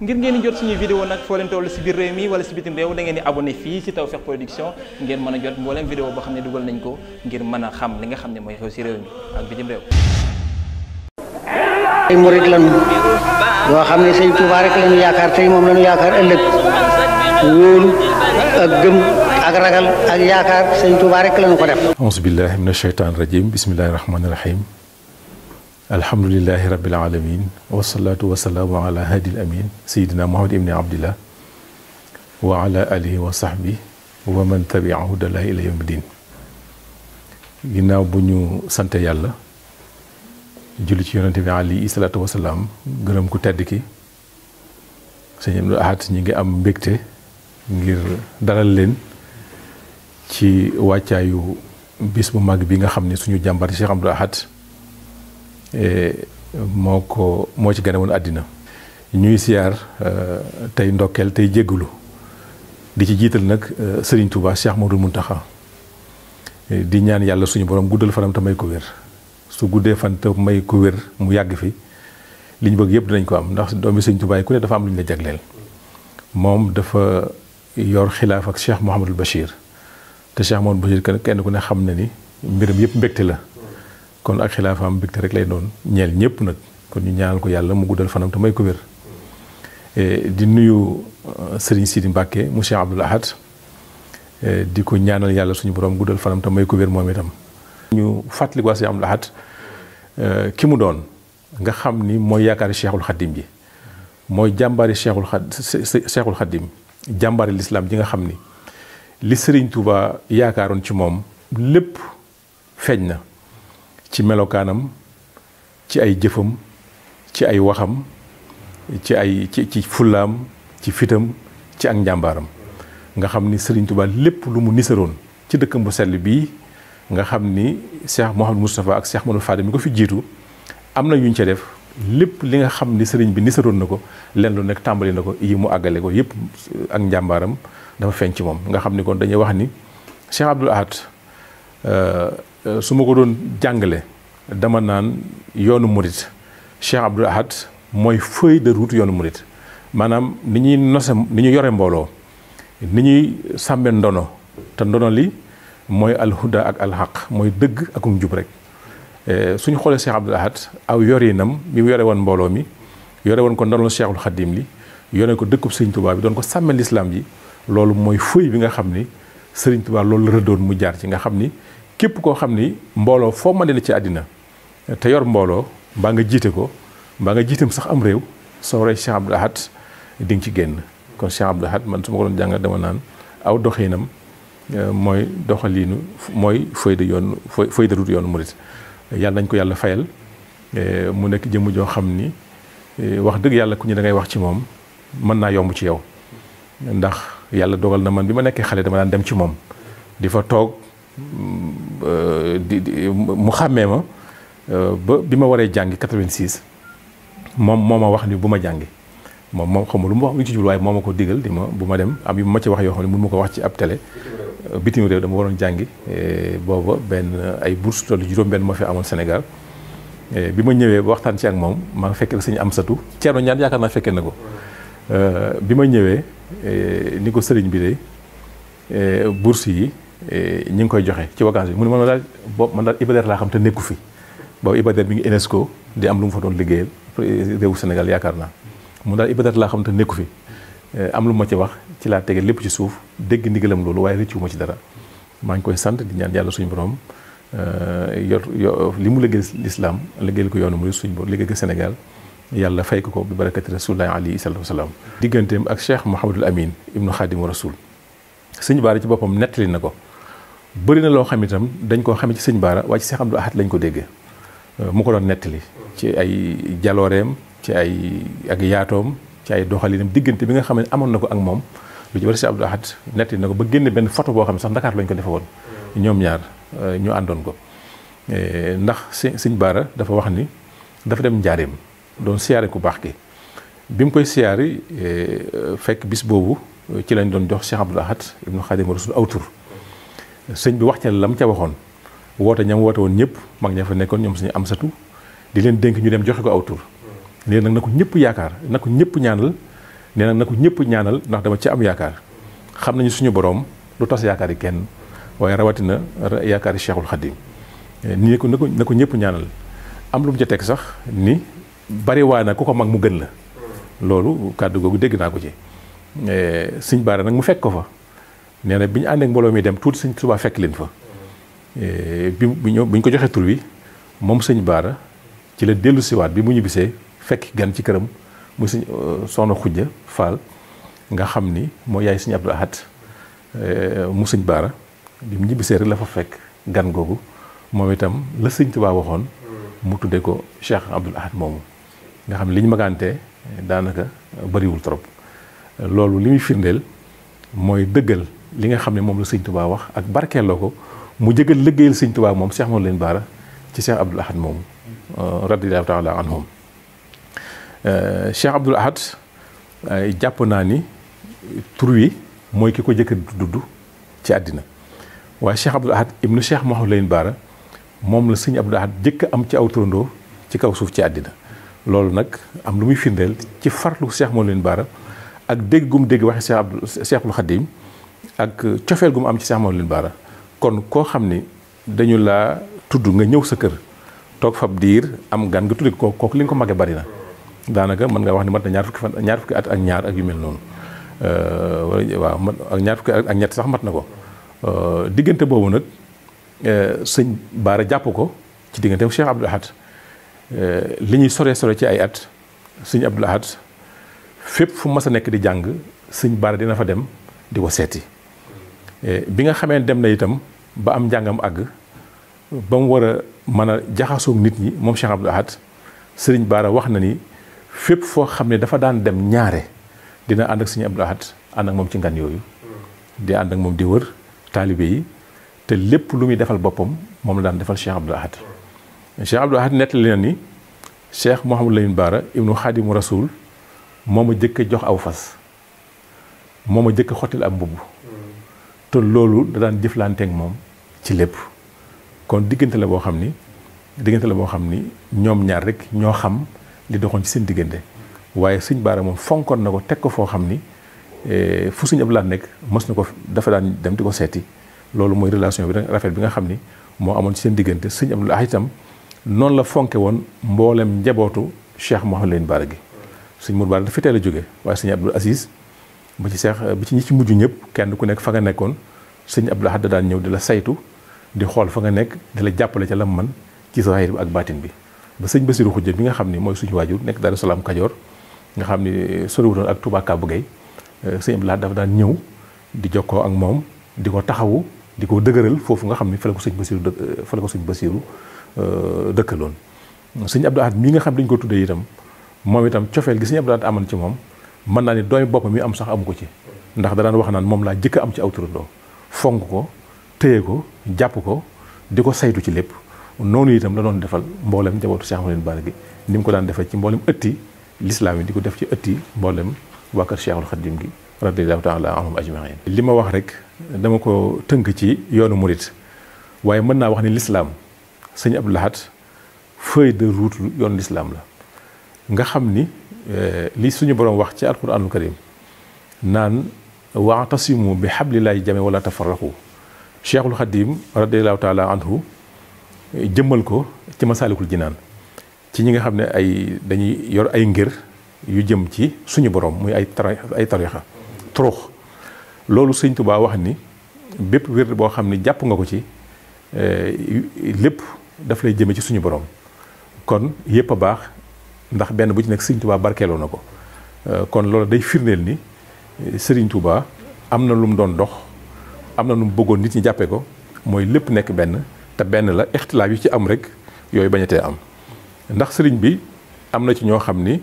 ngir ngeen di jot suñuy vidéo nag foo leen toll si biir réew mi wala si bitim réew da ngeen di abonné fii si Tawfekh Production ngeen mën a jot mbooleem vidéo boo xam ne dugal nañ ko ngir mën a xam li nga xam ne mooy xew si réew mi ak bitim réew ay murit lañu xam ne sëñ Tuubaa rek lañu yaakaar tey moom lañu yaakaar ëllëg wóolu ak gëm ak ragal ak yaakaar sëñ Tuubaa rek lañu ko def auzu billahi mina shaytaani rajim bismillahi rahmani rahim alhamdulilahi rabbil alamin wasalaatu wasalaamu ala hadi amin sayidina muhammad ibni abdillah wa ala alihi wa wa man tabiahu dala ila yawmi din ginnaaw bu ñu sante yàlla julli ci yonente bi alayhi salaatu wasalaam gërëm ku tedd ki sëñ Abdou Ahad ñi ngi am mbégte ngir dalal leen ci wàccaayu bis bu mag bi nga xam ne suñu jàmbar Cheikh Abdou Ahad Eh, moo ko moo ci gane woon àddina ñuy siyaar eh, tey ndokkeel tey jéggulu di ci jiital nag eh, Serigne Touba Cheikh Modou Mountakha di ñaan yàlla suñu borom guddal fanam te may ko wér su guddee fan te may ko wér mu yàgg fi liñ bëgg yëpp dinañ ko am ndax doomi Serigne Touba yi ku ne dafa am lu ñu la jagleel moom dafa yor xilaaf ak Cheikh Mouhamadul Bachir te Cheikh Mouhamadul Bachir kenn ku ne xam na ni mbiram yëpp mbégte la. kon ak xilaafaam bigte rek lay doon ñeel ñëpp nag kon ñu ñaanal ko yàlla mu guddal fanam te may ko wér eh, di nuyu euh, Serigne Sidi Mbacke mu Cheikh Abdoul Ahad eh, di ko ñaanal yàlla suñu borom guddal fanam te may ko wér moom itam. ñu fàttali ko Cheikh Abdoul Ahad euh, ki mu doon nga xam ni mooy yaakaari Cheikhul Khadim bi mooy jàmbaari Cheikhul Khad Cheikhul Khadim lislaam ji nga xam ni li Serigne Touba yaakaaroon ci moom lépp feeñ na. ci melokaanam ci ay jëfam ci ay waxam ci ay ci ci fullaam ci fitam ci ak njàmbaaram nga xam ni Serigne Touba lépp lu mu nisaroon ci dëkkam bu sell bii nga xam ni seex Cheikh Mouhamadou Moustapha ak seex Modou Fadé mi ko fi jiitu am na yuñ ca def lépp li nga xam ni sëriñ bi nisaroon na ko lenn lu nekk tàmbali na ko yi mu àggale ko yëpp ak njàmbaaram dafa feeñ ci moom nga xam ni kon dañuy wax ni Cheikh Abdoul Ahad euh, Euh, su ma ko doon jàngale dama naan yoonu murit Cheikh Abdoul mooy feuille de route yoonu murit maanaam ni ñuy nose ni ñu yore mbooloo ni ñuy sàmme ndono te ndono li mooy alhuda ak alxaq mooy dëgg akum jub rek euh, suñu xoolee Cheikh Abdoul aw yorinam mi mu yore woon mbooloo mi yore woon ko ndonol Cheikhul Xadim li yore ko dëkkub Serigne Touba bi doon ko sàmmel lislaam ji loolu mooy feuille bi nga xam ni Serigne Touba loolu la rëddoon mu jaar ci nga xam ni képp koo xam ni mbooloo foo man mën la ci àddina te yor mbooloo mbaa nga jiite ko mbaa nga jiitam sax am réew soo waree Cheikh Abdoul Ahad di nga ci génn kon Cheikh Abdoul man su ma ko naan aw doxinam euh, mooy doxaliinu mooy feuille yoon feuille de yoon yoonu murit yàlla nañ ko yàlla fayal euh, mu nekk jëmm joo xam ni euh, wax dëgg yàlla ku ñu da ngay wax ci moom mën naa yomb ci yow ndax yàlla dogal na man bi ma nekkee xale dama daan dem ci moom di toog. Euh, di di mu xàmmee ma euh, ba bi ma waree jàngi 86 moom moo ma wax ni bu ma jàngi moom moom xamul lu mu wax lu ci jublu waaye ma ko digal di ma bu ma dem am yu ma ci wax yoo xam ne mun ma ko wax ci ab télé. Euh, bitim réew dama waroon jàngi booba benn ay bourse tollu juróom-benn moo fi amoon senegal bi ma ñëwee ba waxtaan ci ak moom maa fekk na suñu am satu Thierno ñaan yaakaar naa fekkee na ko bi ma ñëwee ni ko sëriñ bi de bourse yi. Eh, ñu ngi koy joxe ci vacances yi mu ne man daal boobu man daal Ibader laa xam te nekku fi boobu Ibader mi ngi UNESCO di am lu mu fa doon liggéeyal eh, réewu Sénégal yaakaar naa mu daal Ibader laa xam te nekku fi eh, am lu ma ci wax ci laa tege lépp ci suuf dégg ndigalam loolu waaye rëccu ma ci dara maa ngi koy sant di ñaan yàlla suñu borom yor yor li mu liggéey lislaam liggéeyal ko yoonu mu muy suñu borom liggéey ko Sénégal yàlla fay ko ko bi barakati rasulillahi alayhi salatu wasalaam digganteem ak Cheikh Mouhamadul Amin ibnu Xaadimu Rasul sëñ Baara ci boppam nettali na ko bëri na loo xam itam dañ koo xamee ci sëñ Baara waaye ci Seex lañ ko déggee euh, mu ko doon nettali ci ay jalooreem ci ay ak yaatoom ci ay doxalinam diggante bi nga xam ne amoon na ko ak moom lu ci war Seex Abdou Ahad nettali na ko ba génne benn photo boo xam ne sax Ndakaar lañ ko defe woon ñoom ñaar euh, ñu àndoon ko euh, ndax sëñ Baara dafa wax ni dafa dem njaareem doon siyaare ku baax gi bi mu koy siyaari fekk bis boobu ci lañ doon jox Cheikh Abdoul Ahad ibnu Xaadimu Rasul aw tur sëñ bi wax ca lam ca waxoon woote ñam woote woon ñëpp mag ña fa nekkoon ñoom suñu am satu di leen dénk ñu dem joxe ko aw tur nee nag na ko ñëpp yaakaar na ñëpp ñaanal nee na ko ñëpp ñaanal ndax dama ci am yaakaar xam nañu suñu boroom lu tas yaakaar yi kenn waaye rawatina yaakaar yi Cheikhul Khadim ko na ko na ñëpp ñaanal am lu mu ca teg sax ni bari waa na ku ko mag mu gën la loolu kàddu googu dégg naa ko ci eh, sëñ Baara nag mu fekk ko fa nee na bi ñu ànd ak mbooloo mi dem tuuti sëñ Tuubaa fekk leen fa eh, bi bi ñu ko joxee tur wi moom sëñ Baara ci la dellu siwaat bi mu ñibbisee fekk gan ci këram mu sëñ euh, soxna Xujja Faal nga xam ni moo yaay sëñ Abdou Ahad eh, mu sëñ Baara bi mu ñibbisee rek la fa fekk gan googu moom itam la sëñ Tuubaa waxoon mu tuddee ko Cheikh Abdou Ahad moomu nga xam ne li ñu magantee daanaka bariwul trop loolu li muy firndeel mooy dëggal li nga xam ne moom la sëñ Tuubaa wax ak barkeel ko mu jëgal liggéeyal sëñ Tuubaa moom Cheikh Mawlana Baara ci Cheikh Abdoul Ahad moomu radiyallaahu taala anhum euh, Cheikh Abdoul Ahad jàpp naa ni tur mooy ki ko jëkk dudd ci àddina waaye Cheikh Abdoul Ahad ibnu Cheikh Mawlana Baara moom la sëñ Abdoul Ahad jëkk am ci aw turandoo ci kaw suuf ci àddina loolu nag am lu muy firndeel ci farlu Cheikh Mawlana Baara ak dégg gum dégg waxe Cheikh Abdoul Cheikhul Khadim ak cofeel gu mu am ci Cheikh Mouhamadou Lamine Bara kon koo xam ni dañu laa tudd nga ñëw sa kër toog fab diir am gan nga tudd ko kooku li nga ko màggee bari na daanaka mën nga wax ni mat na ñaar fukki fan ñaar fukki at ak ñaar ak yu mel noonu euh, wala waaw man ak ñaar fukki ak ñett sax mat na ko euh, diggante boobu nag euh, sëñ Baara jàpp ko ci diggante Cheikh Abdoul Ahad li ñuy sore sore ci ay at sëñ Abdoul Ahad fépp fu mas a nekk di jàng sëñ Baara dina fa dem. di ko seeti eh, bi nga xamee dem na itam ba am njàngam àgg ba mu war mën a jaxasoog nit ñi moom Cheikh Abdou Ahad Sëriñ Baara wax na ni fépp foo xam ne dafa daan dem ñaare dina ànd ak Sëriñ Abdou Ahad ànd ak moom ci ngan yooyu di ànd ak moom di wër taalibe yi te lépp lu muy defal boppam moom la daan defal Cheikh Abdou Ahad Cheikh Abdou Ahad nettali na ni Cheikh Mouhamadou Lamine Baara ibnu Xaadimu Rasul moom a jëkk jox aw fas moom ma jëkk xottil am mbubb te loolu da daan jëflanteeg moom ci lépp kon diggante la boo xam ni diggante la boo xam ni ñoom ñaar rek ñoo xam li doxoon ci seen diggante waaye suñ baara moom fonkoon na ko teg ko foo xam ni e, fu suñ ab laat nekk mës na ko dafa daan dem di ko seeti loolu mooy relation bi rek rafet bi nga xam ni moo amoon ci seen diggante suñ ab itam noonu la fonke woon mboolem njabootu Cheikh Mouhamadou Lamine Bara gi suñ Mour Bara dafa a jóge waaye suñu Abdoul ba ci seex bi ci ñi ci mujj ñëpp kenn ku nekk fa nga nekkoon sëñ Abdou Lahad daan ñëw di la saytu di xool fa nga nekk di la jàppale ca lam man ci sa bi ak baatin bi ba sëñ Basiru Xujja bi nga xam ni mooy suñu waajur nekk Daaru Salaam Kajoor nga xam ni soriwutoon ak Touba Kàbbu Gay euh, sëñ Abdou Lahad dafa daan ñëw di jokkoo ak moom di ko taxawu di ko dëgëral foofu nga xam ni fa la ko sëñ Basiru dë euh, fa la ko sëñ Basiru euh, dëkkaloon sëñ Abdou Lahad mii nga xam dañ ko tuddee itam moom itam cofeel gi sëñ Abdou Lahad amoon ci moom mën naa ni doomi boppam mi am sax amu ko ci ndax da daan wax naan moom laa jëkk am ci aw fonk ko téye ko jàpp ko di ko saytu ci lépp noonu itam la doon defal mbooleem njabootu Cheikh Ahmadou Bara gi ni mu ko daan defal ci mboolem ëtti lislaam yi di ko def ci ëtti mbooleem waa kër Cheikhul Khadim gi radiallahu taala anhum ajmain li ma wax rek dama ko tënk ci yoonu murit waaye mën naa wax ni lislaam sëñ Abdou Lahad feuille de route yoonu lislaam la nga xam ni Eh, li suñu borom wax ci alquraanul karim naan waatasimu bi xablillahi jame wala tafarraqu cheikhul xadim radiallahu taala anhu eh, jëmmal ko ci masaalikul naan ci ñi nga xam ne ay dañuy yor ay ngir yu jëm ci suñu borom muy ay ay tarixa trox loolu sëñ Tuubaa wax ni bépp wér boo xam ni jàpp nga ko ci eh, lépp daf lay jëme ci suñu borom kon yépp a baax ndax benn bu ci nekk Serigne Touba barkeeloo na ko euh, kon loolu day firndeel ni euh, sëriñ Touba am na lu mu doon dox am na lu mu bëggoon nit ñi jàppee ko mooy lépp nekk benn te benn la ixtilaaf yi ci am rek yooyu bañatee am ndax sëriñ bi am na ci ñoo xam ni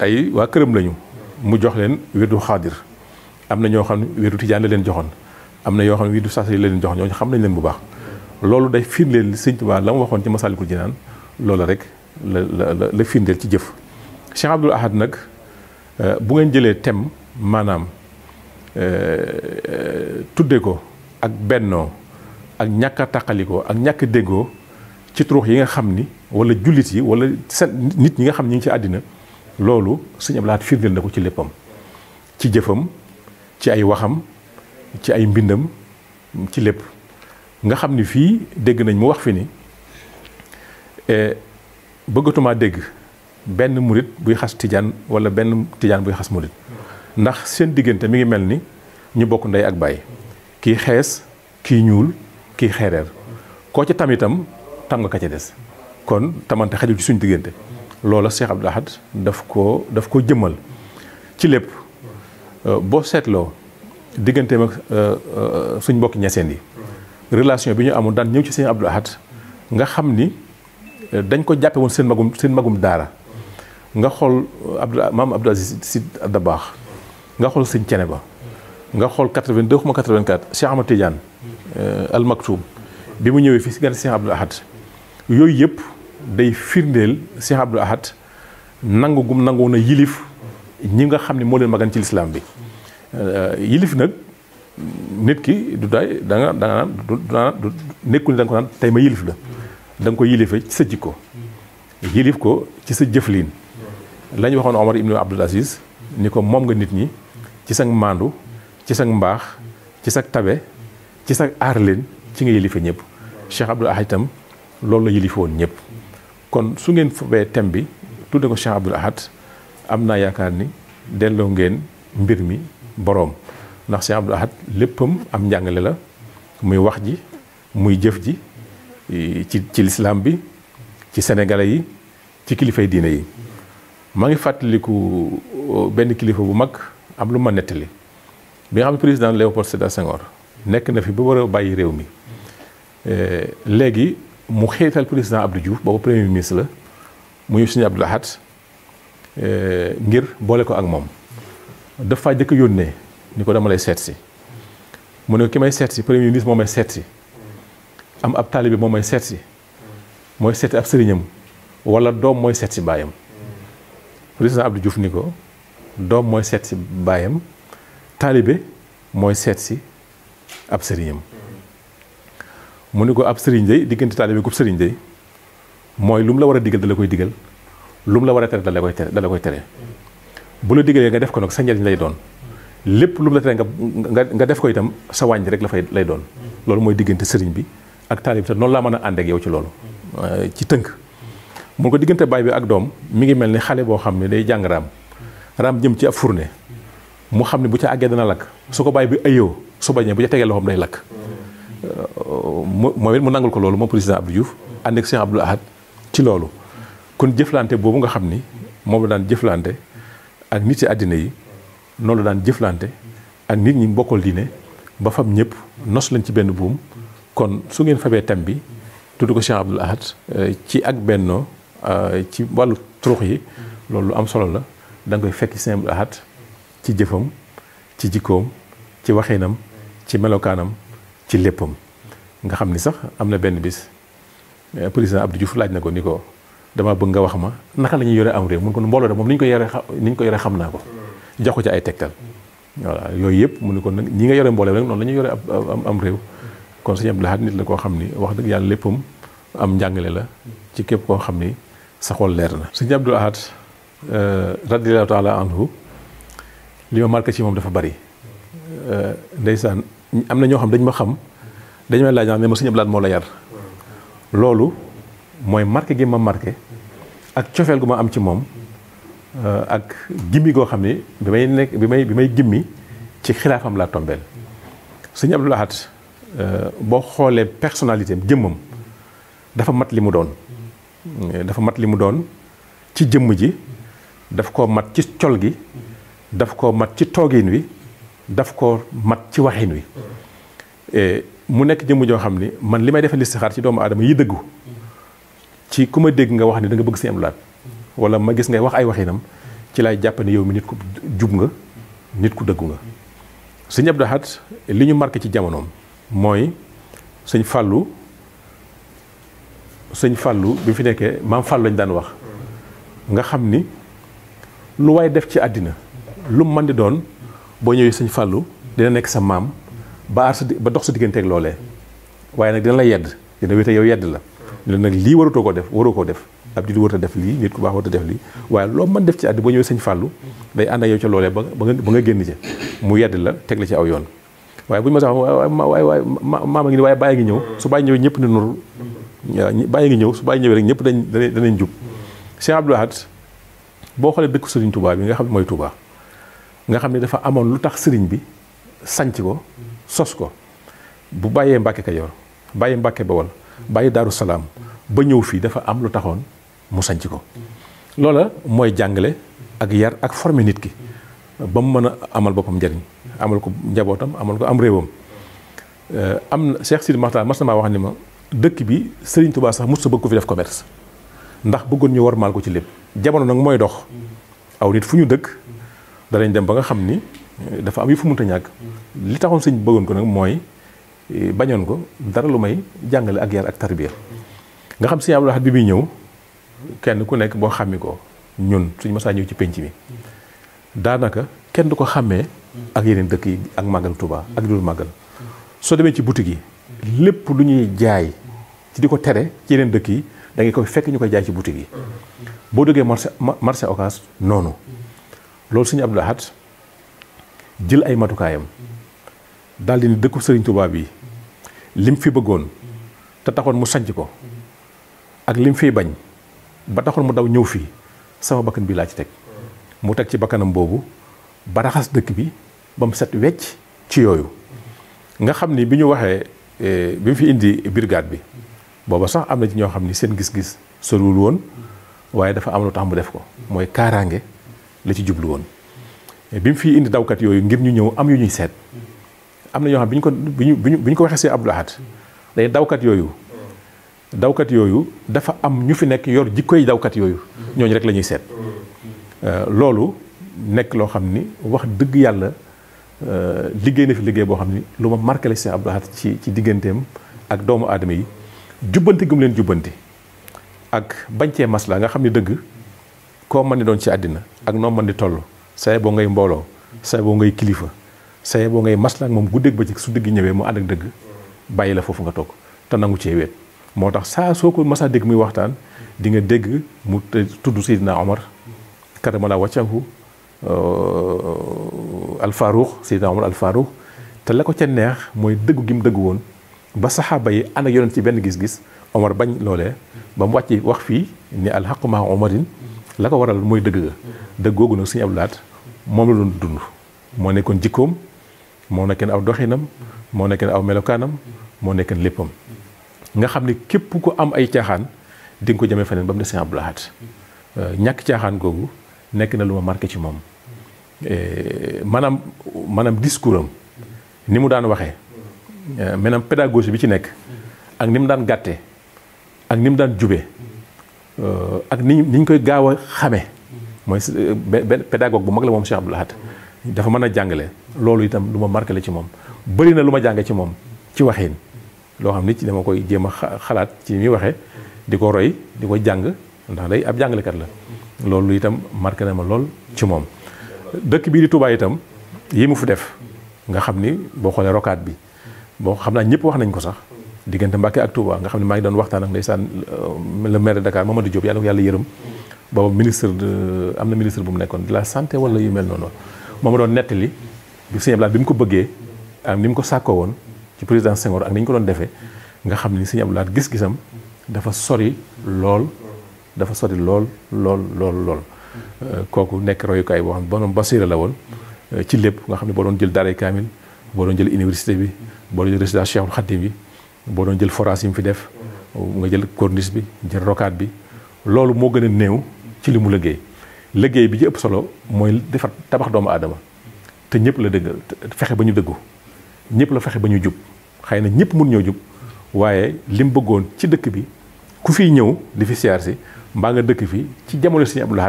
ay waa këram lañu mu jox leen wirdu xaadir am na ñoo xam ne wirdu tijaan la leen joxoon am na yoo xam ne wirdu saasari la leen joxoon ñooñu xam nañ leen bu baax loolu day firndeel Sëriñ Tuubaa la mu waxoon ci Masaalikul Jinaan loola rek la la la firndeel ci jëf Cheikh Abdoul Ahad nag euh, bu ngeen jëlee thème maanaam euh, euh, tudde ko ak bennoo ak ñàkk a taqalikoo ak ñàkk a déggoo ci turuux yi nga xam ni wala jullit yi wala seen nit ñi nga xam ñi ngi ci àddina loolu suñu Abdoul Ahad firndeel na ko ci léppam ci jëfam ci ay waxam ci ay mbindam ci lépp nga xam ni fii dégg nañ mu wax fi ni bëggatumaa dégg benn murit buy xas tijaan wala benn tijaan buy xas murit ndax seen diggante mi ngi mel ni ñu bokk ndey ak baay kii xees kii ñuul kii xeereer koo ci tamitam tam nga ka ca des kon tamante xajul ci suñ diggante loola Cheikh Abdoul Ahad daf koo daf ko jëmmal ci lépp euh, boo seetloo digganteem ak euh, euh, suñ mbokki ñeseen yi relation bi ñu amul daan ñëw ci Cheikh Abdoul Ahad nga xam ni dañ ko jàppe woon seen magum seen magum daara nga xool euh, Abdou maam Abdou Aziz Si Dabaax nga xool sëñ Cene ba nga xool 82 xuma 84 Cheikh Ahmad Tidiane euh, Al Maktoum bi mu ñëwee fii si gan Cheikh Abdou Ahad yooyu yëpp day firndeel Cheikh Abdou Ahad nangu gum nangu na yilif ñi nga xam ne moo leen magan ci lislaam bi euh, yilif nag nit ki du daay da nga da nga naan du nekkul ne da ko naan tey ma yilif la da ko yilife ci sa jikko yilif ko ci sa jëflin la ñu waxoon Omar ibnu Abdul Aziz ni ko moom nga nit ñi ci sa maandu ci sa mbaax ci sa tabe ci sa aar ci nga yilife ñëpp Cheikh Abdoul Ahad itam loolu la yilife woon ñëpp kon su ngeen fobee thème bi tudde ko Cheikh Abdoul Ahad am naa yaakaar ni delloo ngeen mbir mi boroom ndax Cheikh Abdoul Ahad léppam am njàngale la muy wax ji muy jëf ji ci ci lislaam bi ci sénégalais yi ci kilifay diine yi maa ngi fàttaliku uh, benn kilifa bu mag am lu ma nettali bi nga xam ne président Léopold Sédar Senghor nekk na fi ba war a bàyyi réew mi eh, léegi mu xeetal président Abdou Diouf boobu premier ministre la mu ñëw suñu Abdou Lahad eh, ngir boole ko ak moom dafa jëkk yónnee ni ko dama lay seet si mu ne ki may seet si premier ministre moo may seet si am ab taalibe moom mooy seet mooy seeti ab sëriñam wala doom mooy seet si baayam président Abdou doom mooy seet si baayam taalibe mooy seet si ab sëriñam mu ni ko ab sëriñ day diggante taalibe ku sëriñ day mooy lu mu la war a digal da la koy digal lu mu la war a tere da koy tere da koy tere bu la digalee nga def ko nag sa njariñ lay doon lépp lu mu la tere nga nga def ko itam sa wàññi rek la fay lay doon loolu mooy diggante sëriñ bi ak taalib te noonu laa mën a ànd yow ci loolu euh, ci tënk mun ko diggante baay bi ak doom mi ngi mel ni xale boo xam ne day jàng raam raam jëm ci ab fourne mu xam ne bu ca àggee dana lakk su ko baay bi ayoo su bañee bu ca tegee loxoom day lakk euh, moom it mu nangul ko loolu moom président Abdou Diouf àndeek ak Cheikh Abdoul ci loolu kon jëflante boobu nga xam ni moom la daan jëflante ak nit ci àddina yi noonu daan jëflante ak nit ñi bokkal diine ba fam ñëpp nos lañ ci benn buum kon su ngeen fabee thème bi tudd ko Cheikh Abdoul Ahad euh, ci ak bennoo euh, ci wàllu turux yi loolu am solo la danga koy fekk Cheikh Abdoul Ahad ci jëfam ci jikkoom ci waxinam ci melokaanam ci léppam nga xam ni sax am na benn bis euh, président Abdou Diouf laaj na ko ni ko dama bëgg nga wax ma naka la ñuy yore am réew mun ko mbooloo de moom ni ñu ko yore ni ñu ko yore xam naa ko jox ko ci ay tegtal voilà yooyu yëpp mu ne ko nag ñi nga yore mbooloo rek noonu la ñuy yore am réew kon sëñ Abdou Lahad nit la koo xam ni wax dëgg yàlla léppam am njàngale la ci képp koo xam ni sa xol leer na. sëñ Abdou Lahad euh, radiyallahu taala li ma marqué ci moom dafa bari euh, ndeysaan am na ñoo xam dañ ma xam dañ laaj ne ma sëñ moo la yar loolu mooy marqué gi ma marqué ak cofeel gu ma am ci moom euh, ak gimmi goo xam ni bi may nekk bi may bi gimmi ci xilaafam laa tombeel sëñ Abdou Lahad Euh, boo xoolee personnalité am jëmmam dafa mat li mu doon dafa mat li mu doon ci jëmm ji daf koo mat ci col gi daf koo mat ci toogin wi daf ko mat ci waxin wi mu nekk jëmm joo xam ni man li may defal listixaar ci doomu aadama yi dëggu ci ku ma dégg nga wax ni danga bëgg si am laat wala ma gis ngay wax ay waxinam ci lay jàpp yow mi nit ku jub nga nit ku dëggu nga Sëñ Abdou Ahad li ñu mark ci jamonoom mooy sëñ Fallou sëñ Fallou bi fi nekkee maam Fallou lañ daan wax nga xam ni lu waay def ci àddina lu mu mën di doon boo ñëwee sëñ Fallou dina nekk sa maam ba aar sa ba dox sa digganteeg loolee waaye nag dina la yedd dina wéete yow yedd la ne nag lii warutoo koo def waroo koo def ab jullit warut a def lii nit ku baax warut def lii waaye loo mën def ci àddina boo ñëwee sëñ fàllu day ànd ak yow ca loolee ba nga ba nga génn ca mu yedd la teg la ci aw yoon. waaye bu ñu ma sax waaye waaye maama ngi nii waaye bàyyi ngi ñëw su bàyyi ñëwee ñëpp na nuru bàyyi ngi ñëw su bàyyi ñëwee rek ñëpp dañ danañ jub Cheikh Abdoul Ahad boo xoolee dëkk sëriñ Touba bi nga xam ne mooy Touba nga xam ne dafa amoon lu tax sëriñ bi sanc ko sos ko bu bàyyee Mbàkke Kajoor bàyyi Mbàkke Bawol bàyyi Daaru Salaam ba ñëw fii dafa am lu taxoon mu sanc ko loola mooy jàngale ak yar ak former nit ki ba mu mën a amal boppam njariñ amal ko njabootam amal ko am réewam euh, am na Cheikh Sidi Maxtaar mas na maa wax ni ma dëkk bi sëriñ Touba sax mos sa bëgg ko fi def commerce ndax bëggoon ñu war maal ko ci lépp jamono nag mooy dox aw nit fu ñu dëkk danañ dem ba nga xam ni euh, dafa am yu fu mënta ñàkk li taxoon sëñ bëggoon ko nag mooy euh, bañoon ko dara lu may jàngale ak yar ak tarbiya nga xam sëñ Abdou Lahad bi bi ñëw kenn ku nekk boo xàmmi ko ñun suñu masaa ñëw ci penc mi daanaka kenn du ko xàmmee ak yeneen dëkk yi ak màggal Touba ak dul màggal soo demee ci boutique yi lépp lu ñuy jaay ci di ko tere ci yeneen dëkk yi da ngay ko fekk ñu koy jaay ci boutique yi boo duggee marché marché Ocass noonu loolu suñu Abdou Lahad jël ay matukaayam daal di ne dëkku Serigne Touba bi lim fi bëggoon te taxoon mu sanc ko ak lim fiy bañ ba taxoon mu daw ñëw fii sama bakkan bi laa ci teg. mu teg ci bakkanam boobu ba raxas dëkk bi ba mu set wecc ci yooyu nga xam ni bi ñu waxee eh, bi mu fi indi brigade bi booba sax am na ci ñoo xam ni seen gis-gis soriwul woon waaye dafa am lu tax mu def ko mooy kaaraange la ci jublu woon bi mu fi indi dawkat yooyu ngir ñu ñëw am yu ñuy seet am na ñoo xam bi ñu ko bi ñu bi ñu ko waxee si Abdou Lahad day dawkat yooyu dawkat yooyu dafa am ñu fi nekk yor jikkoy dawkat yooyu ñooñu rek la ñuy seet Euh, loolu nekk loo xam ni wax dëgg yàlla euh, liggéey na fi liggéey boo xam ni lu ma marqué la Sëñ Abdou Lahad ci ci digganteem ak doomu aadama yi jubbanti gum leen jubbanti ak bañcee maslaa nga xam ni dëgg koo mën ni doon ci àddina ak noo mën di toll saye boo ngay mbooloo saye boo ngay kilifa saye boo ngay maslaa ak moom guddeeg ba ci su dëgg ñëwee mu ànd ak dëgg bàyyi la foofu nga toog te nangu cee weet moo tax saa soo ko masaa dégg muy waxtaan di nga dégg mu tudd Seydina karramallaahu wajhahu euh, alfaaruux Seydina Omar alfaaruux te la ko ca neex mooy dëggu gi mu dëggu woon ba saxaaba yi ànd ak yonent ci benn gis-gis Omar bañ loolee ba mu wàcc wax fii ni alxaqu maa Omarin la ko waral mooy dëgg ga dëgg googu nag suñu Abdou Lahad moom la doon dund moo nekkoon jikkoom moo nekkee aw doxinam moo nekkee aw melokaanam moo nekkee léppam nga xam ni képp ku am ay caaxaan di ko jëmee feneen ba mu des Sëñ Abdou euh, ñàkk caaxaan googu nekk na lu ma marqué ci moom eh, maanaam maanaam discours am ni mu daan waxee eh, maanaam pédagogie bi ci nekk ak ni mu daan gàtte ak ni mu daan jubee eh, ak ni ni koy gaaw a xamee mooy benn pédagogue bu mag la moom Cheikh Abdou Lahad dafa mën a jàngale loolu itam lu ma marqué ci moom bëri na lu ma jànge ci moom ci waxin loo xam ni ci dama koy jéem a xalaat ci muy waxee di ko roy di ko jàng ndax day ab jàngalekat la loolu itam marqué na ma lool ci moom dëkk bii di Touba itam yii mu fu def nga xam ni boo xoolee rokaat bi boo xam naa ñëpp wax nañ ko sax diggante Mbàkke ak Touba nga xam ne maa ngi doon waxtaan ak ndeysaan euh, le maire de Dakar Mamadou Diop yàlla ko yàlla yërëm booba ministre de am na ministre bu mu nekkoon de la santé wala yu mel noonu moo ma doon nettali bi Sëñ Abdoulaye bi mu ko bëggee ak ni mu ko sàkkoo woon ci président Senghor ak ni ñu ko doon defee nga xam ni Sëñ Abdoulaye gis-gisam dafa sori lool dafa sori lool lool lool lool. Euh, kooku nekk royukaay boo xam ne borom basiira la woon euh, ci lépp nga xam ne boo doon jël daaray kaamil boo doon jël université bi boo doon jël résidence Cheikhul Khadim bi boo doon jël forage yi mu fi def nga jël corniche bi jël rocade bi loolu moo gën a néew ci li mu liggéey liggéey bi ci ëpp solo mooy defar tabax doomu aadama te ñëpp la dëgg fexe ba ñu dëggu ñëpp la fexe ba ñu jub xëy na ñëpp mun ñoo jub waaye li mu bëggoon ci dëkk bi ku fiy ñëw di si mbaa nga dëkk fii ci jamono sëñ Abdou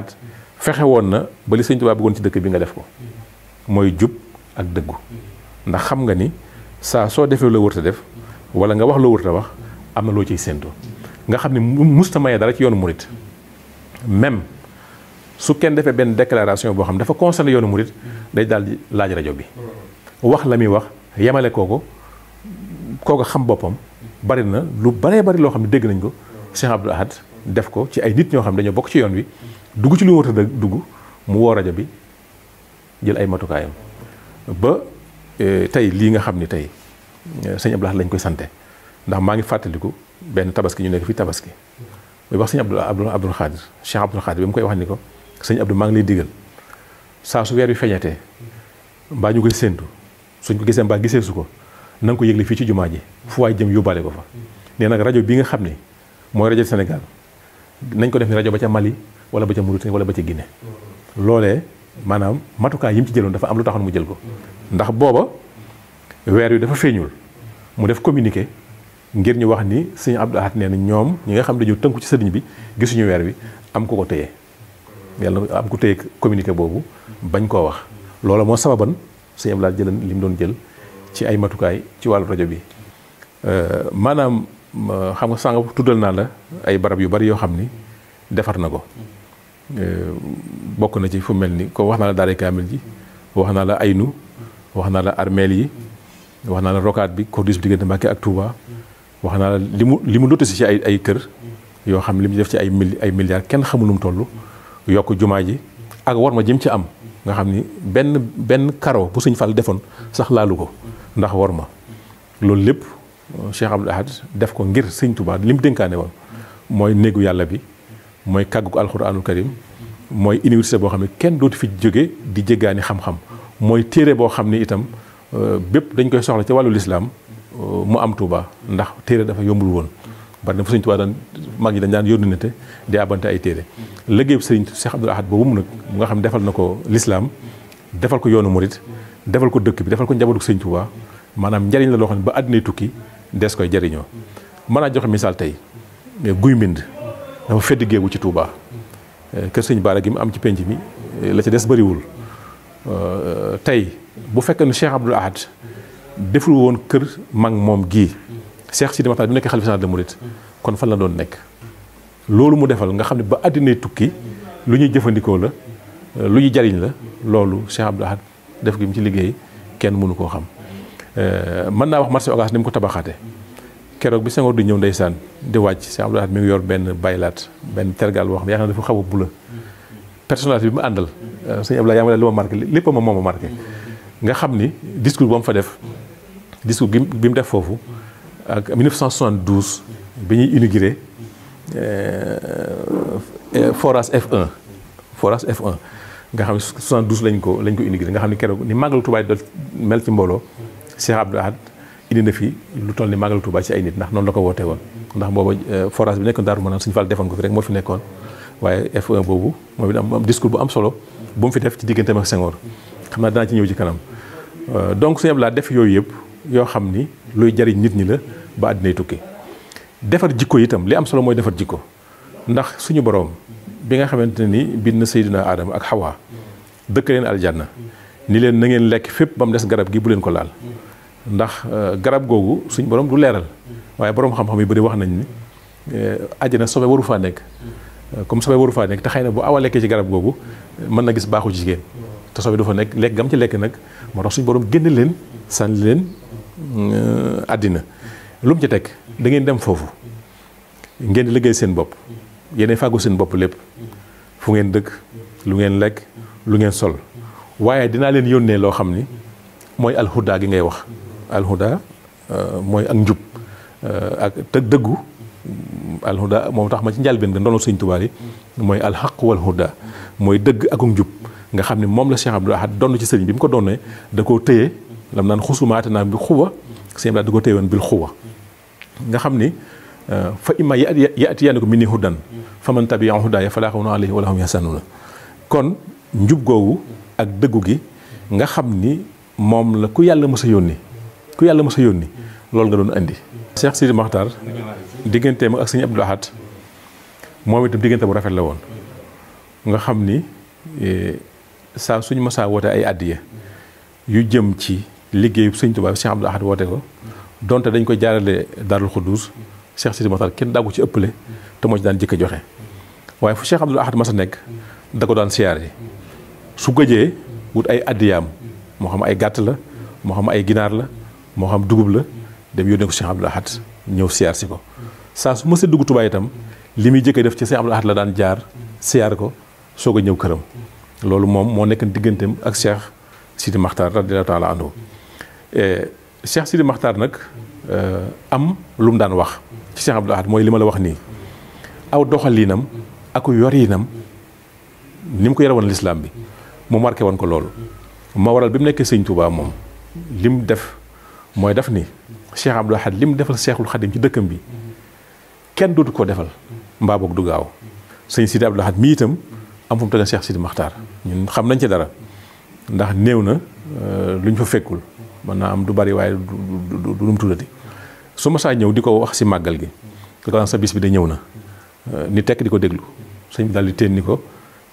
fexe woon na ba li sëñ Tuubaa bëggoon ci dëkk bi nga def ko mooy jub ak dëggu ndax xam nga ni saa soo defee loo wërta def wala nga wax loo wërta wax am na loo ciy séentu nga xam ne musta maye dara ci yoonu murit même su kenn defee benn déclaration boo xam dafa concerné yoonu murit day daal di laaj rajo bi wax la muy wax yemale kooku kooku xam boppam bari na lu baree bari loo xam ne dégg nañ ko Cheikh Abdou def ko ci ay nit ñoo xam ne dañoo bokk ci yoon wi dugg ci lu mu war a dugg mu woo rajo bi jël ay matukaayam ba e, tey lii nga xam ni tey e, sëñ Abdou Lahad lañ koy sante ndax maa ngi fàttaliku benn tabaski ñu nekk fii tabaski muy wax sëñ Abdou Abdou Abdou Khadir bi mu koy wax ni ko sëñ Abdou maa ngi lay digal saa su weer bi feeñatee mbaa ñu koy séentu suñ ko gisee mbaa gisee su ko na ko yëgle fii ci jumaa ji fu waay jëm yóbbaale ko fa nee nag rajo bi nga xam ni mooy rajo senegal nañ ko def ni rajo ba ca Mali wala ba ca Mauritanie wala ba ca Guinée loolee maanaam matukaay yi ci jëloon dafa am lu taxoon mu jël ko ndax booba weer wi dafa feeñul mu def communiqué ngir ñu wax ni sëñ ab Ahad nee na ñoom ñu nga xam dañoo tënku ci sëriñ bi gisuñu weer wi am ko ko téye yàlla am ku téye communiqué boobu bañ koo wax loola moo sababan sëñ Abdou laa jëlan li doon jël ci ay matukaay ci wàllu rajo bi euh, maanaam xam nga sànq tuddal naa la ay barab yu bari yoo xam ni defar na ko mm-hmm. eh, bokk na ci fu mel ni ko wax naa la daara kaamil ji wax naa la aynu wax naa la armeel yi wax naa la rokaat bi corniche bi diggante Mbàkke ak Touba wax naa la li mu li mu lotisi ci ay ay kër yoo xam li mu def ci ay mil ay milliards kenn xamul nu mu toll yokk jumaa ji ak war ma jëm ci am nga xam ni benn benn karo bu suñ fal defoon sax laalu ko ndax war ma loolu lépp Cheikh Abdou def ko ngir sëñ Touba li dénkaane woon mooy néegu yàlla bi mooy kàggu alxuraanul karim mooy université boo xam ne kenn dootu fi jóge di jéggaani xam-xam mooy téere boo xam ne itam euh, bépp dañ koy soxla ci wàllu lislaam euh, mu am tubaa ndax téere dafa yombul woon bari na fa sëñ Touba daan mag ñi dañ daan yónnante di abante ay téere liggéeyu sëriñ sëñ Abdou Ahad boobu mu nag nga xam defal na ko lislaam defal ko yoonu murit defal ko dëkk bi defal ko njabootu sëñ tubaa maanaam njariñ la loo xam ne ba àddinay tukki des koy jariñoo mën joxe misaal tey guy mbind dafa fedd géewu ci Touba euh, kër sëñ Baara gi mu am ci penc mi euh, la ca des bëriwul euh, tey bu fekkee ne Cheikh Abdoul Ahad deful woon kër mag moom gii Cheikh Sidi Makhtar bi nekk xalifa général des mourides kon fan la doon nekk loolu mu defal nga xam ne ba àddina tukki lu ñuy jëfandikoo la lu ñuy jariñ la loolu Cheikh Abdoul Ahad def gi mu ci liggéey kenn mënu koo xam Euh, mën naa wax marché Ocass ni mu ko tabaxaate keroog bi Senghor di ñëw ndeysaan di wàcc si Abdou Lahad mi ngi yor benn baylaat benn tergal wax xam ne yaakaar xaw a bula personnalité bi mu àndal euh, sëñ Abdou yaa ma lépp ma moom ma nga xam ni discours ba mu fa def discours bi mu def foofu ak 1972 bi ñuy inauguré forage F1 forage F1 nga xam ne 72 lañ ko lañ ko inauguré nga xam ne keroog ni màggalu Tuubaa doon mel ci mbooloo Cheikh Abdou Ahad indi na fi lu toll ni màggalu Touba ci ay nit ndax noonu la ko wootee woon ndax booba euh, forage bi nekkoon Daaru Manaan suñu Fall defoon ko fi rek moo fi nekkoon waaye f boobu moom it am discours bu am solo bu fi def ci digganteem ak Senghor xam naa danaa ci ñëw ci kanam euh, donc suñu laa def yooyu yëpp yoo xam ni luy jariñ nit ñi la ba àddinay tukki defar jikko itam li am solo mooy defar jikko ndax suñu boroom bi nga xamante ni bind na Seydina Adama ak Hawa dëkk leen aljanna ni leen na ngeen lekk fépp ba mu des garab gi bu leen ko laal ndax euh, garab googu suñ borom du leeral waaye borom xam-xam yu bari wax nañ ni euh, àjjana sobe waru faa nekk euh, comme sobe waru faa nekk te xëy na bu awa lekkee ci garab googu mën na gis baaxu jigéen te sobe du fa nekk lekk gam ci lekk nag moo tax suñ borom génn leen sànni leen àddina lu ci teg da ngeen dem foofu ngeen di liggéey seen bopp yéen fàggu seen bopp lépp fu ngeen dëkk lu ngeen lekk lu ngeen sol waaye dinaa leen yónnee loo xam ni mooy alxudaa gi ngay wax alhuda euh, mooy ak njub euh, ak te dëggu alhuda moom tax ma ci njëlbéen nga ndono sëñ Tuubaa yi mooy alxaq wal huda mooy dëgg ak njub nga xam ne moom la Cheikh Abdoul Ahad donn ci sëriñ bi mu ko donnee da koo téye lam naan xusumaate naa bi xuwa ko téye woon bil xuwa nga xam ni euh, fa imma ya'tiyannakum minnii hudan faman tabi'a hudaaya falaa xawfun alayhim wa laa hum yahzanuun kon njub googu ak dëggu gi nga xam ni moom la ku yàlla mës a yónni ku yàlla ma sa yónni loolu nga doon andi. Cheikh Sidi Makhtar digganteem ak sëñ Abdou Ahad moom itam diggante bu rafet la woon nga xam ni e, saa suñu masaa woote ay addiya yu jëm ci liggéeyu sëñ Tuubaa Cheikh woote ko donte dañ koy jaarale Daarul Xuddus Cheikh Sidi Makhtar kenn daggu ci ëppale te daan jëkk a joxe waaye fu Cheikh Abdou Ahad ma a nekk da ko daan siyaare su gëjee wut ay addiyaam moo xam ay gàtt la moo xam ay ginaar la moo xam dugub la dem yónnee ko Cheikh Abdoul Ahad ñëw siyaar si ko saa su mësee dugg Touba itam li muy jëkkee def ci Cheikh Abdoul Ahad la daan jaar siyaar ko soog a ñëw këram loolu moom moo nekk digganteem ak Cheikh Sidi Makhtar radiyallahu taala anhu eh, Cheikh Sidi maxtar nag eh, am lu mu daan wax ci Cheikh Abdoul Ahad mooy li ma la wax nii aw doxaliinam ak yorinam ni mu ko yore woon lislaam bi mu marqué woon ko loolu moo waral bi mu nekkee sëñ Touba moom lim def. mooy def ni Cheikh Abdou Lahad li mu defal Cheikhul Khadim ci dëkkam bi kenn dootu ko defal mbaa boog du gaaw sëñ Sidi Abdou Lahad mii itam am fu mu tegal Cheikh Sidi maxtar ñun xam nañ ci dara ndax néew na euh, luñ fa fekkul mën naa am du bari waaye du du mu tuddati su ma saa ñëw di ko wax si màggal gi di ko sa bis bi de ñëw na euh, ni tekk di ko déglu sëñ bi daal di teen ni ko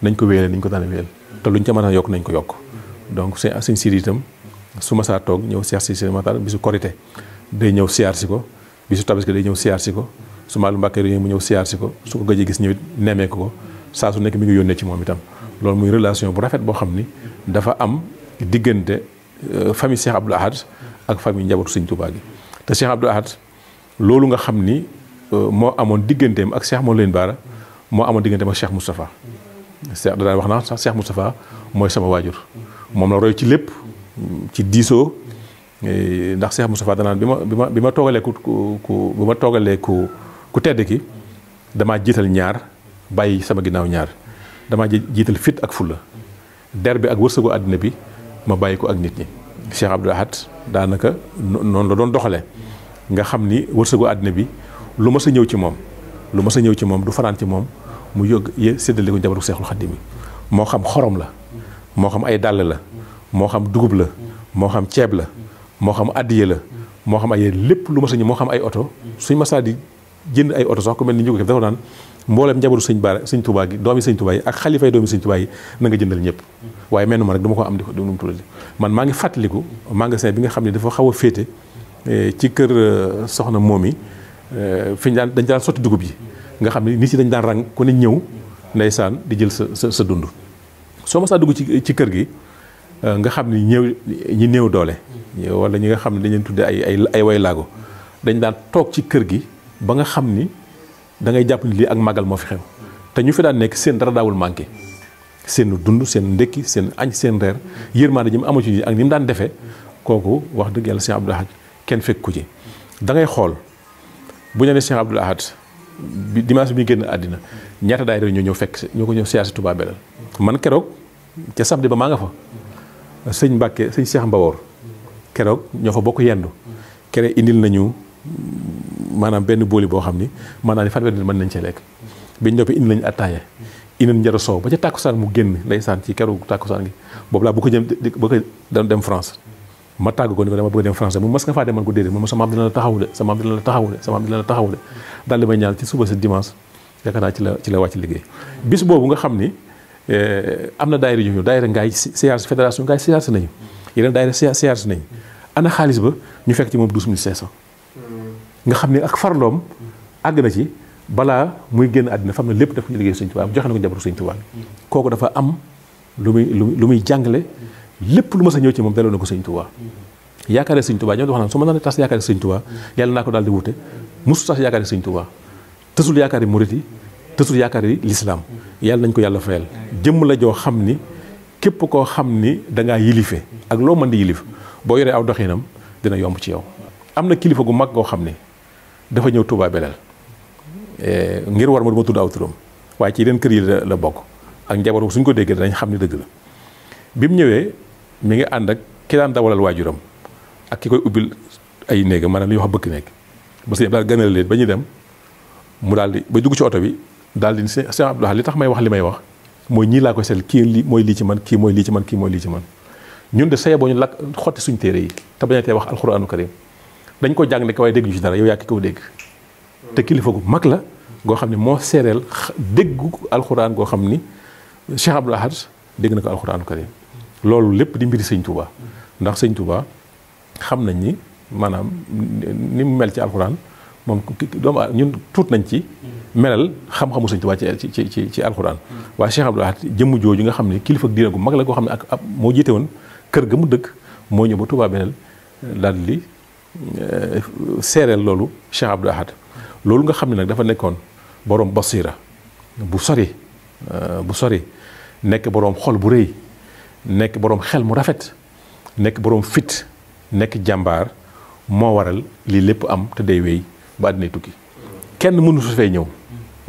nañ ko wéyale nañ ko daan wéyal te luñ ca mën a yokk nañ ko yokk donc sëñ Sidi itam. su masaa toog ñëw siyaar si seen bi su korité day ñëw siyaar si ko su tabaski day ñëw siyaar si ko su maalu mbàkke réunion mu ñëw siyaar si ko su ko gëjee gis ñëwit nemmeeku ko saa su nekk mi ngi yónnee ci moom itam loolu muy relation bu rafet boo xam ni dafa am diggante euh, famille Cheikh Abdoul Ahad ak famille njabootu Sëñ Tuubaa gi te Cheikh Abdoul Ahad loolu nga xam ni euh, moo amoon digganteem ak Cheikh leen Bara moo amoon digganteem ak Cheikh Moustapha Cheikh da daan wax naa sax Cheikh Moustapha mooy sama waajur moom la ci lépp ci diisoo ndax seex Moustapha danaan bi ma bi ma bi ma toogalee ku ku bi ma toogalee ku ku tedd ki damaa jiital ñaar bàyyi sama ginnaaw ñaar damaa jiital fit ak fulla der bi ak wërsëgu àddina bi ma bàyyi ko ak nit ñi Cheikh Abdou Ahad daanaka noonu la doon doxale nga xam ni wërsëgu àddina bi lu ma sa ñëw ci moom lu ma sa ñëw ci moom du fanaan ci moom mu yóg séddale ko njabaru Seexul xaddi bi moo xam xorom la moo xam ay dàll la moo xam dugub la moo xam ceeb la moo xam addiye la moo xam ay lépp lu ma sa sañu moo xam ay oto suñ masaa di jënd ay oto sax ku mel ni ñu ko dafa naan mboolem njabootu sëñ baara sëñ tubaa gi doomi sëñ ak xalifay doomi sëñ tubaa yi na jëndal ñëpp waaye mel na ma rek dama ko am di ko nu mu tuddati man maa ngi fàttaliku magasin bi nga xam ne dafa xaw a féete eh, ci kër eh, soxna moom yi eh, fi ñu daan dañ daan sotti dugub yi nga xam ne nit yi dañ daan rang ku ne ñëw saan di jël sa sa sa dund soo masaa dugg ci ci kër gi Euh, nga xam ni ñëw ñi néew doole. wala ñi nga xam ne dañ tuddee ay ay ay waylaago dañ daan toog ci kër gi ba nga xam ni da ngay jàpp ni lii ak magal moo fi xew te ñu fi daan nekk seen dara daawul manqué seen dund seen ndekki seen añ seen reer yërmaande ji mu amu ci ak ni mu daan defee kooku wax dëgg yàlla Cheikh Abdoul Ahad kenn fekk ci. da ngay xool bu ñu nee Cheikh Abdoul Ahad bi dimanche bi ñu génn àddina ñaata daayira ñoo ñëw fekk ñoo ko ñëw siyaasi Touba la man keroog ca samedi maa nga fa. sëñ Mbàkke sëñ Cheikh Mbawoor keroog ñoo fa bokk yendu kere indil nañu maanaam benn booli boo xam ni maanaam fanweeri nit mën nañ cee lekk biñ noppee indi lañu attaaya indil njara soow ba ca tàkkusaan mu génn ndeysaan ci keroog tàkkusaan gi boobu laa bu ko jëm bu ko dem France ma tàgg ko ni ko dama bëgg dem France mu mas nga faa dem man ko déedéet moom sama am dina la taxawu de sama am dina la taxawu de sama am dina la taxawu de daal di may ñaan naa la ci la wàcc liggéey bis boobu xam Eh, am na daay daayira yu ñëw daayira ngaay siyaarsi fédération ngaay siyaarsi nañu yeneen daayira siyaarsi nañu ana xaalis ba ñu fekk ci moom douze mille cinq hmm. nga xam ne ak farloom àgg na ci balaa muy génn àddina fam ne lépp daf ko ñu liggéey sëñ tubaab joxe na ko njabootu sëñ tubaab hmm. kooku dafa am lu muy lu muy jàngale hmm. lépp lu ma sa ñëw ci moom delloo ko sëñ tubaab yaakaare sëñ tubaab ñoom dafa naan su ma naan tas yaakaare sëñ tubaab yàlla naa ko daal di wute musu tas yaakaare sëñ tubaab yaakaar yaakaari murit yi tësul yaakaar yi lislaam yàlla nañ ko yàlla fayal jëmm la joo xam ni képp koo xam ni da ngaa yilife ak loo mën di yilif boo yoree aw doxinam dina yomb ci yow am na kilifa gu mag goo xam ni dafa ñëw Touba Belel eh, ngir war ma du ma tudd aw turam waaye ci yeneen kër yi la bokk ak njaboot suñ ko déggee danañ xam ni dëgg bi mu ñëwee mi ngi ànd ak ki daan dawalal waajuram ak ki koy ubbil ay néegam maanaam li ñuy wax bëkk néeg ba sëñ daal gënal leen ba ñu dem mu daal ba dugg ci oto bi daal di ne sëñ Abdoulaye li tax may wax li may wax mooy ñii laa koy seetlu kii li mooy lii ci man kii mooy lii ci man kii mooy man ñun de saye boo ñu lakk xotti suñu téere yi te bañ a tee wax alxuraanu karim dañ ko jàng ne ko waaye dégg ñu ci dara yow yaa ki ko dégg te kilifa gu mag la goo xam ne moo seereel déggu alxuraan goo xam ni Cheikh Abdoul Ahad dégg na ko alxuraanu karim loolu lépp di mbiri sëñ Touba ndax sëñ Touba xam nañ ni maanaam ni mu mel ci alxuraan moom doomu ñun tuut nañ ci melal xam-xamu Sëñ Tuubaa ci ci ci ci alxuraan waaye Cheikh Abdoul Ahad jëmm jooju nga xam ne kilifa diine gu mag la koo xam ne ak moo jiite woon kër ga mu dëkk moo ñëw ba Tuubaa beneel daal li euh, seereel loolu Cheikh Abdoul Ahad loolu nga xam ne nag dafa nekkoon boroom basira bu sori euh, bu sori nekk boroom xol bu rëy nekk boroom xel mu rafet nekk borom fit nekk jàmbaar moo waral lii lépp am te day wéy ba àddina tukki kenn mënu su fee ñëw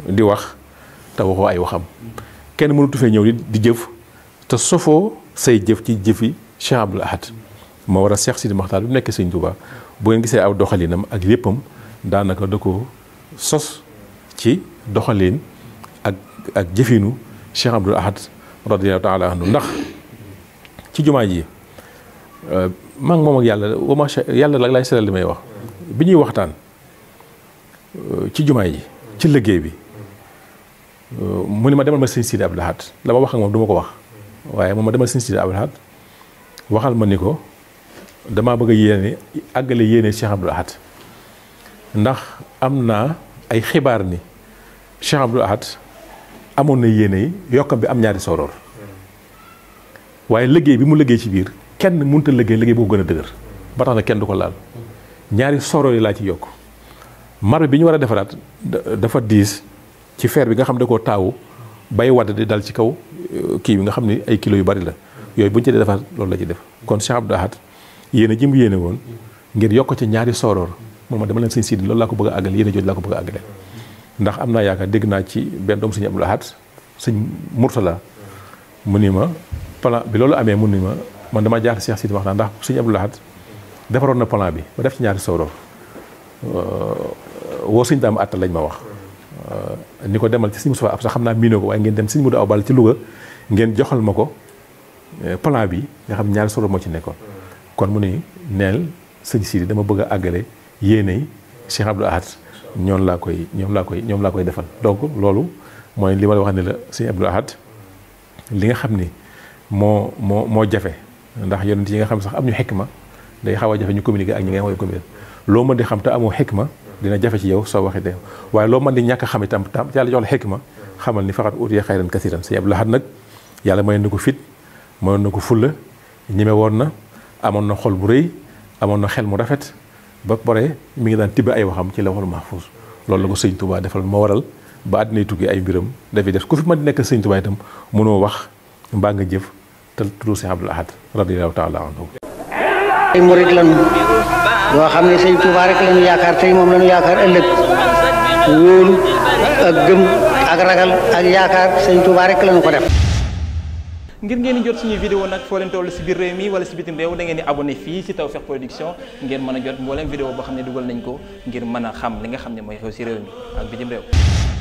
di wax te waxoo ay waxam kenn mënutu fee ñëw di jëf te sofoo say jëf ci jëfi Cheikh Abdoul Ahad moo war a Cheikh Sidi Maxtaar bi nekk Sëñ Tuubaa bu ngeen gisee aw doxalinam ak yéppam daanaka da ko sos ci doxaliin ak ak jëfiinu Cheikh Abdoul Ahad radiyallahu taala anhu ndax ci jumaa ji euh, maa moom ak yàlla wama yàlla la lay seetal li may wax bi ñuy waxtaan ci jumaa yi ci liggéey bi mu ni ma demal ma sëñ Sidi Abdou Lahad la ma wax ak moom du ma ko wax waaye moom ma demal sëñ ab Abdou waxal ma ni ko damaa bëgg a yéene àggale yéene Cheikh Abdou Lahad ndax am naa ay xibaar ni Cheikh amoon na yéene yi yokkam bi am ñaari soroor waaye liggéey bi mu liggéey ci biir kenn mënut a liggéey liggéey boo gën a dëgër ba tax na kenn du ko laal ñaari soroor yi laa ci yokk marbre bi ñu war a defaraat dafa diis ci fer bi nga xam ne ko koo taawu bay wadd di dal ci kaw euh, kii bi nga xam ne ay kilos yu bari la yooyu bu ñu ci dee loolu la ci def kon Cheikh Abdou Ahad yéene ji mu yéene woon ngir yokk ci ñaari sooroor moom ma dama leen sëñ Sidi loolu laa ko bëgg a yéene jooju laa ko bëgg a ndax am naa yaakaar dégg naa ci benn doom sëñ Abdou Ahad sëñ Murtala mu ni ma plan bi loolu amee mu ni ma man dama jaaxle Cheikh Sidi wax naa ndax sëñ Abdou Ahad defaroon na plan bi ba def ci ñaari sooroor woo suñ daam àttal lañ ma wax euh, ni ko demal ci suñu Moustapha ab sax xam naa miinoo ko waaye ngeen dem suñu Modou Awa Balla ci Louga ngeen joxal ma ko euh, plan bi nga xam ñaari solo moo ci nekkoon kon mu ni neel sëñ dama bëgg a àggale yéenay Cheikh Abdou Ahad ñoom laa koy ñoom laa koy ñoom laa koy defal donc loolu mooy li ma wax ne la sëñ Abdou Ahad li nga xam ni moo moo moo jafe ndax yonent yi nga xam sax am ñu xekk ma day xaw a jafe ñu communiquer ak ñi ngay woy communiquer loo ma di xam te amoo ma dina jafe ci yow soo waxee deew waaye loo mën di ñàkk xam itam tam yàlla jox la xikma xamal ni faxat utiye xayran kasiran sëñ Abdou Lahad nag yàlla mayoon na ko fit mayoon na ko fulla ñeme woon na amoon na xol bu rëy amoon na xel mu rafet ba pare mi ngi daan tibbe ay waxam ci lawhul mahfuz loolu la ko sëñ Touba defal moo waral ba àddinay tukki ay mbiram dafay def ku fi mën di nekk sëñ Touba tam mënoo wax mbaa nga jëf te tudd sëñ Abdou Lahad radiyallahu taala anhu ay murid lañu yoo xam ne sëñ Tuubaa rek la ñu yaakaar tey moom la ñu yaakaar ëllëg wóolu ak gëm ak ragal ak yaakaar sëñ Tuubaa rek la ko def. ngir ngeen di jot suñuy vidéo nag foo leen toll si biir réew mi wala si bitim réew da ngeen di abonné fii si Tawfekh Production ngeen mën a jot mboolem vidéo boo xam ne dugal nañ ko ngir mën a xam li nga xam ne mooy xew si réew mi ak bitim réew.